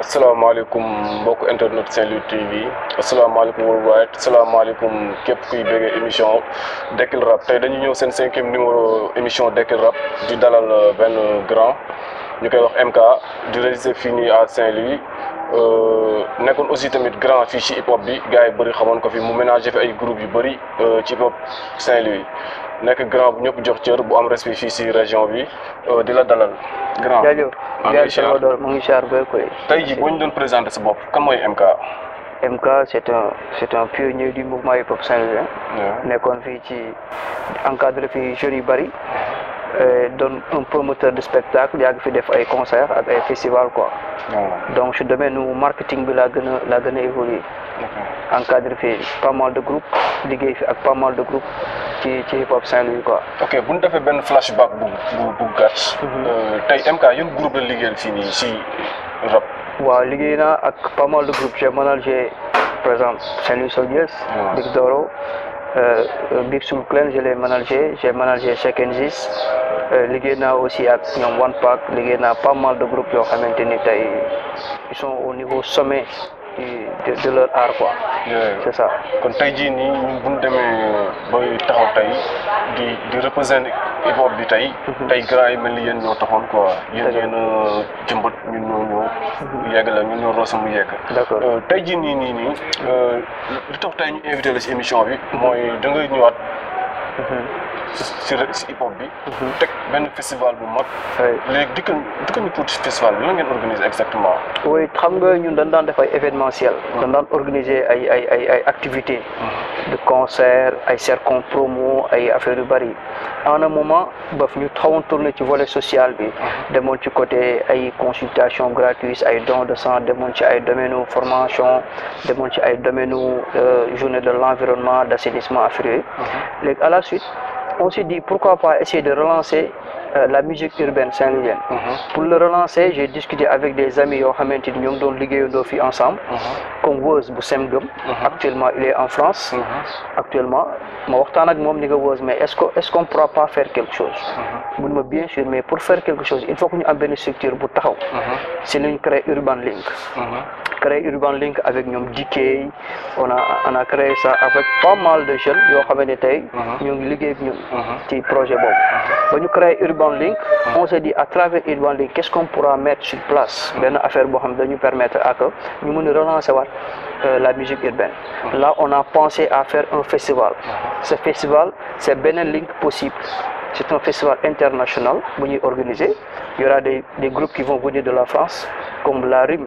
asalaamaaleykum mbokk internet Saint Louis TV asalaamaaleykum worldwide asalaamaaleykum képp kuy bëggee émission Dekkil Rap tey dañu ñëw seen cinquième numéro émission Dekkil Rap di dalal euh, benn grand ñu koy wax MK di réaliser fii à Saint Louis Euh, nekkoon aussi tamit grand fii ci hip hop bi gars yi bëri xamoon ko fi mu ménagé fi ay groupe yu bëri euh, ci hip hop Saint-Louis nekk grand bu ñëpp jox cër bu am respect fii ci région bi euh, di la dalal. grand jaajëf jaajëf mu ngi char booy koy. tey jii boo ñu doon présenté sa bopp kan mooy MK. MK c'est un c'est un pionnier du mouvement hip hop Saint-Louis. nekkoon fii ci encadré fi jeunes yu bëri. Euh, doon un promoteur de spectacle yaa ngi fi def ay concert ak ay festival quoi donc ci domaine marketing bi laa gën a laa gën a fi pas mal de groupe liggéey fi ak pas mal de groupe ci ci hip hop Saint-Louis quoi ok bu ñu defee benn flashback bu bu bu gàtt mhm. euh, tey MK yéen groupe la liggéeyal fii nii si rap waaw liggéey naa ak pas mal de groupe j'ai managé par exemple Saint-Louis Soldiers Big euh, euh Bipsum Clan je l'ai managé j'ai managé Check Engis euh, Ligue a aussi ak One Pack y a pas mal de groupes qui ont maintenu ils sont au niveau sommet partie de leur art quoi. kon tey jii nii bu ñu demee ba taxaw tey di di représenter hip-hop bi tey. Mhm. tey gars yi mel ni yéen ñoo taxoon quoi. yéen yéen a jëmbat ñun ñoo ñëw. Mhm. yegg la ñun ñoo roose mu yegg. d'accord euh, tey jii nii nii nii. Euh, lu tax tey ñu invité la si émission bi. mooy da ngay ñëwaat. si si hip hop bi. Mhm. teg benn festival bu mag. léegi dikk dikk ñu tuuti festival bi la ngeen organiser exactement. oui xam nga ñun dañ daan def ay événementiel. Mhm. dañ daan organiser ay ay ay ay activités. Mhm. de concert ay cercon promo ay affaires yu bari en un moment ba ñu xawoon tourné ci volet social bi. demoon ci côté ay consultation gratuite ay dons de sang demoon ci ay domaines formation demoon ci ay domaines euh, journée de l' environnement d' assainissement afrique. On se dit pourquoi pas essayer de relancer euh, la musique urbaine saint-louisienne. Mhm. Pour le relancer, j'ai discuté avec des amis qui ont de ñoom doon ensemble. Mhm. comme Woz bu mhm. actuellement il est en France. actuellement ma waxtaan ak moom ni Woz mais est-ce qu'on ne pourra pas faire quelque chose. bien sûr mais pour faire quelque chose il faut que ñu une une structure bu taxaw. C'est une créer Urban Link. créer Urban Link avec nous on a on a créé ça avec pas mal de jeunes qui ont ne tey. ñu projet quand on crée Urban Link on s'est dit à travers Urban Link qu'est-ce qu'on pourra mettre sur place Ben affaire permettre à que relancer euh, la musique urbaine là on a pensé à faire un festival ce festival c'est ben link possible c'est un festival international organisé il y aura des, des groupes qui vont venir de la France comme la Rime.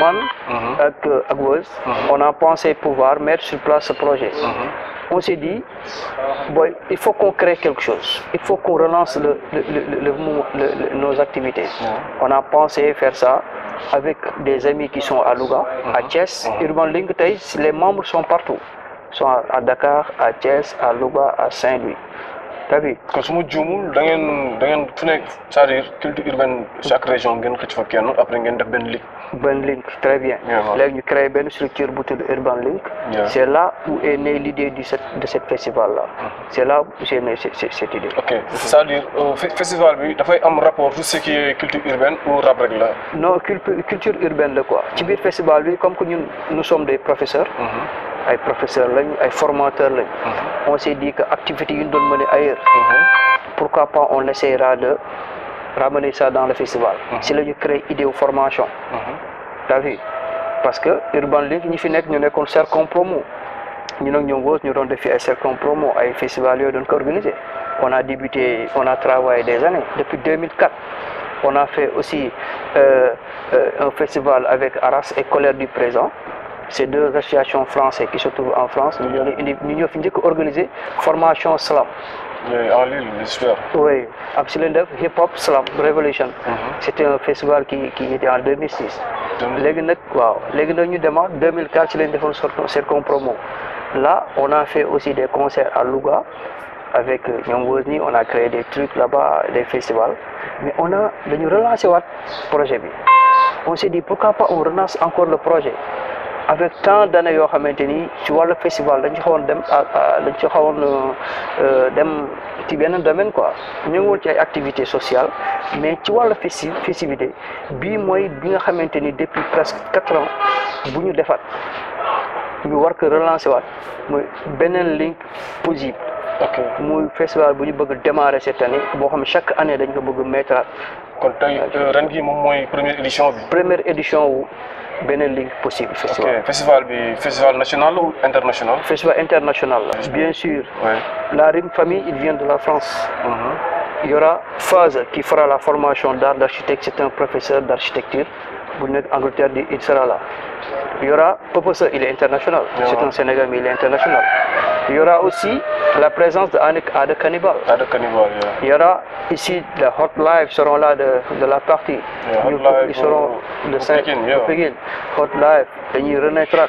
man uh-huh. uh-huh. on a pensé pouvoir mettre sur place ce projet uh-huh. on s'est dit, bon, il faut qu'on crée quelque chose, il faut qu'on relance le, le, le, nos activités. On a pensé faire ça avec des amis qui sont à Louga, à Thiès, Urban Link les membres sont partout, Ils sont à, Dakar, à Thiès, à Louga, à Saint-Louis. T'as vu Parce que dans une culture urbaine, chaque région, après, il y a une région. Urban Link, très bien. Là, nous créons une structure de Urban Link. C'est là où est née l'idée de ce cette festival-là. Mm-hmm. C'est là où est née cette idée. Ok, cest au euh, festival, il y a un rapport tout ce qui est culture urbaine ou rap là Non, culture urbaine, là, quoi. Dans le festival, comme que nous, sommes des professeurs, des mm-hmm. professeurs, des formateurs, mm-hmm. on s'est dit que l'activité une doit mener ailleurs. Pourquoi pas on essaiera de ramener ça dans le festival. C'est là que je crée idée aux formation parce que Urban League nous fi nekk ñu nekkoon cercle promo nous avons un un ñu festival organisé on a débuté on a travaillé des années depuis 2004 on a fait aussi euh, euh, un festival avec Arras et Colère du Présent ces deux associations françaises qui se trouvent en France Nous avons organisé une formation slam en Lille, l'histoire. Oui, absolument. Hip Hop Slam Revolution. Mhm. C'était un festival qui, qui était en 2006. Maintenant, wow. nous demandons 2004, nous avons fait promo. Là, on a fait aussi des concerts à Louga avec Nyongozni, euh, on a créé des trucs là-bas, des festivals. Mais on a relancer le projet. On s'est dit pourquoi pas on relance encore le projet avec tant d'années yoo xamante ni ci wala festival dañ ci xawoon dem ah, ah, dañ ci xawoon euh, euh, dem ci benn domaine quoi ñu ngi ci ay activités sociales mais ci wala festi festivité bi moy bi nga xamante ni depuis presque quatre ans bu ñu ñu war ko relancer wat mooy beneen link posible ok le festival bu démarrer cette année chaque année dañ ko mettre en tey euh, euh, première édition première édition wu beneen possible. festival ok festival festival national ou international. festival international bien sûr. la Rime Famille il vient de la France. Mhm. il y aura phase qui fera la formation d'art d'architecte c'est un professeur d'architecture Vous nekk Angleterre il sera là. il y aura Poposa il est international. c'est un Sénégal, mais il est international. Il y aura aussi la présence de Ada Cannibal. Ada Cannibal, yeah. Il y aura ici, les Hot Live seront là de, de la partie. Yeah, hot live, ils seront de saint yeah. Hot Live, et ils renaîtra.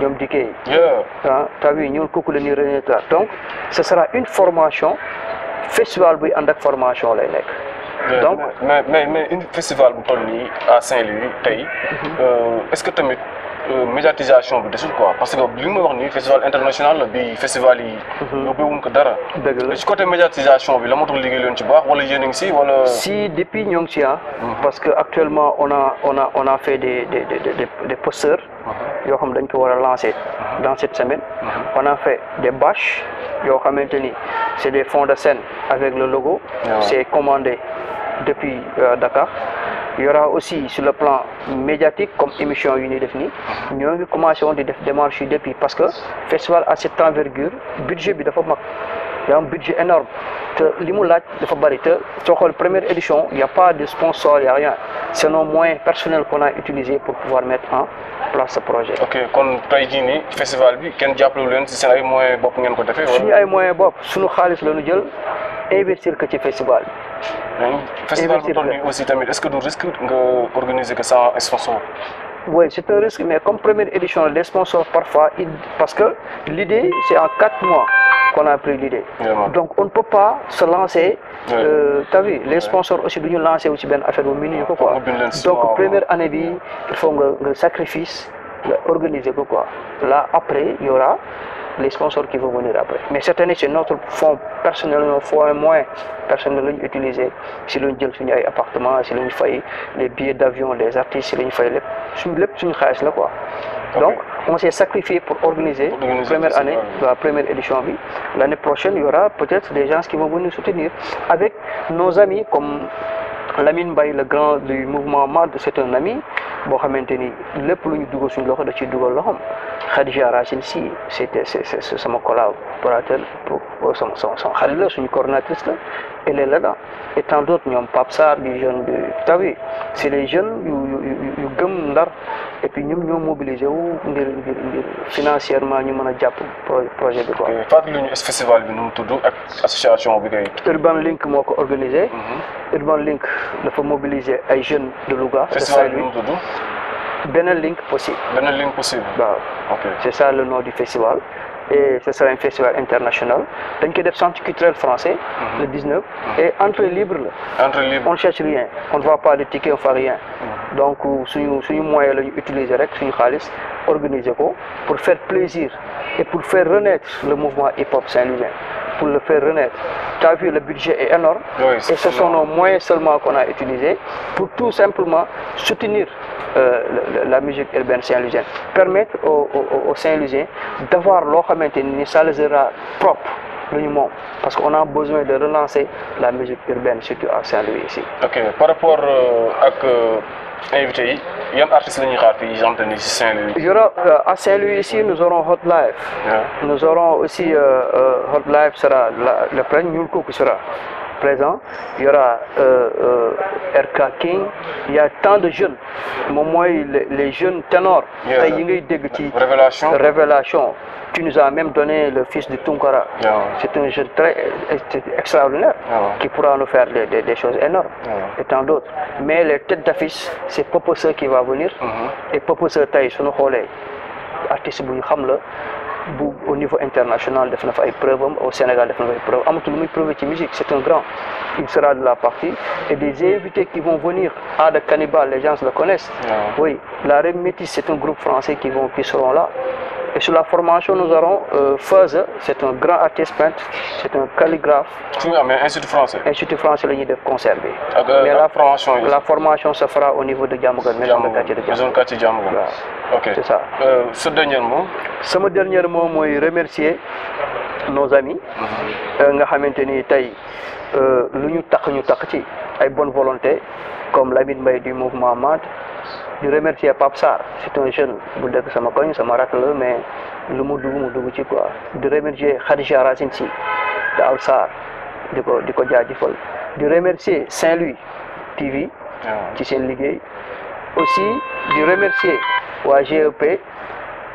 ñoom dikkee yi. ah hein, taw yi ñuul kooku la ñuy renaître donc ce sera une formation festival oui, ànd ak formation lay nekk. donc mais mais mais une festival bu toll à Saint-Louis mhm. euh, est-ce que tu tamit médiatisation bi dessus quoi parce que li ma wax ni festival international bi festival yi. Mhm. yóbbeewuñ ko dara. dëgg ci côté médiatisation bi la moo tax liggéey leen ci baax wala yéen a ngi si wala. si depuis ñong ci ah. mhm. parce que actuellement on a on a on a fait des des des des posters. Mhm. yo xam dañ ko wara lancer. dans cette semaine. on a fait des bâches yo xamanteni c'est des fonds de scène avec le logo. c'est commandé depuis euh, Dakar il y aura aussi sur le plan médiatique comme émission yu nous avons commencé à di def démarche depuis parce que festival à cette envergure budget est dafa Il y a un budget énorme te li laaj dafa la première édition il n'y a pas de sponsor il n'y a rien c'est nos moyens personnels qu'on a utilisé pour pouvoir mettre en place ce projet. ok kon tey festival bi kenn jàppale leen si seen ay moyens bopp ngeen ko defee. suñu ay moyens bopp suñu xaalis la investir ko ci festival festival aussi est-ce que risque d'organiser organiser ça, sponsor. Oui, c'est un risque, mais comme première édition, les sponsors parfois, parce que l'idée, c'est en quatre mois qu'on a pris l'idée. Donc on ne peut pas se lancer. Euh, tu as vu, les sponsors aussi, nous lancer aussi bien affaire au milieu. Quoi. Donc première année, il faut un sacrifice, organiser. Quoi. Là, après, il y aura les sponsors qui vont venir après. Mais cette année, c'est notre fonds personnellement, fonds moins personnellement utilisé. Si l'on dit un appartement, si l'on fait les billets d'avion, les artistes, si l'on fait les. là quoi. Donc, on s'est sacrifié pour organiser la première année, la première édition. L'année prochaine, il y aura peut-être des gens qui vont venir nous soutenir avec nos amis comme Lamine le grand du mouvement MAD c'est un ami qui xamante maintenu plus lu ñu de loxo Khadija Rasin, si c'est collaborateur pour son son son elle est là et tant d'autres Pape Sarr jeunes, de tawi c'est les jeunes qui yu puis nous, nous mobiliser wu ngir financièrement ñu mën a projet bi quoi. fàttali ñu festival bi nu mu ak association bi ngay. Urban Link moo organisé. Mhm. Urban Link dafa mobiliser ay jeunes de Louga. festival bi nu mu tudd. Benel Link possible. Benel Link possible. waaw. ok c'est ça le nom du festival et ce sera un festival international y a des centres culturel français mhm. le 19 mhm. et entre libre on entrée libre on cherche rien on ne va pas de tickets on fait rien mhm. donc c'est un moyen la utiliser rek suñu pour faire plaisir et pour faire renaître le mouvement hip hop saint-louisien pour le faire renaître. Tu as vu, le budget est énorme et ce sont nos moyens seulement qu'on a utilisé pour tout simplement soutenir euh, la, musique urbaine saint lusien Permettre aux, saint lusien d'avoir leur maintenir, ça les propre. Parce qu'on a besoin de relancer la musique urbaine, surtout à Saint-Louis ici. par rapport à euh, invités yi yan artistes la xaar fii exemple ni si Saint-Louis. Europe à Saint-Louis ici nous aurons Hot Life. nous aurons aussi Hot Life sera la le premier Ñuul Kooku sera. présent, il y aura euh, euh, RK King, il y a tant de jeunes. Moi, les, jeunes ténors, yeah. révélation. révélation. Tu nous as même donné le fils de Tunkara. C'est un jeune très extraordinaire qui pourra nous faire des, choses énormes et tant d'autres. Mais les têtes d'affiche, c'est Popo qui va venir mm-hmm. et -hmm. et Popo Taï, son artiste au niveau international def au Sénégal def na musique c'est un grand il sera de la partie et des invités qui vont venir à de Cannibal les gens le connaissent oui la Rémétis, c'est un groupe français qui vont qui seront là et sur la formation, nous aurons euh, Feuze, c'est un grand artiste peintre, c'est un calligraphe. Oui, mais Institut français. Institut français, le ah, de conserver. mais la, formation, la formation se fera au niveau de Mais maison de quartier de Djamogan. Ok. C'est ça. Euh, ce dernier mot Ce dernier mot, moi, remercier nos amis. Mhm. Euh, nga xamanteni tay euh luñu tax ñu bonne volonté comme l'Ami du mouvement MAD di remercier papsar situation c'est un jeune bu que sama koñ sama rak la mais lu mu dugg mu dugg ci quoi di remercier Khadija Racine de de Sarr di ko di ko remercier Saint-Louis TV ah. ci seen liggéey aussi di remercier OAGEP et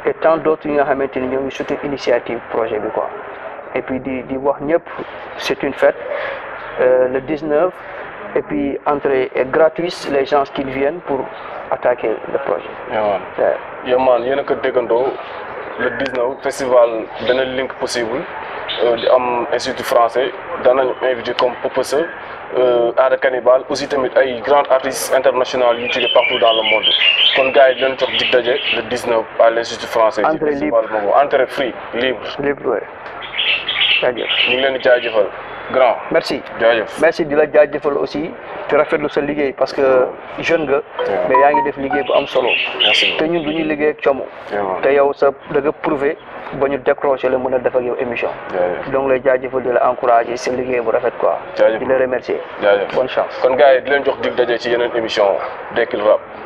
eh, tant d'autres yi nga xamante ni ñoo initiative projet bi quoi et puis di di wax c'est une fête euh, le 19 et puis entrée est gratuite les gens qui viennent pour attacking the project. Yeah, yeah. yeah man, yéen a ko déggandoo le 19 festival dana link possible euh, di am institut français danañ invité comme Popesa Aada euh, Cannibal aussi tamit ay grands artistes international yu jóge partout dans le monde kon gars yi dinañ jox dig daje le 19 à l' institut français. entrée libre entrée free libre. libre waay jaajëf ñu ngi leen di grand merci jaajëf merci di la jaajëfal aussi te rafetlu sa liggéey parce que jeune nga mais yaa ngi def liggéey bu am solo te ñun du ñu liggéey ak coomo te yow sa da nga prouvé ba ñu décroché la mën a def ak yow émission donc lay jaajëfal di la encouragé seen liggéey bu rafet quoi di la remercier bonne chance kon gars yi di leen jox dig dajee ci yeneen émission Dekkil Rap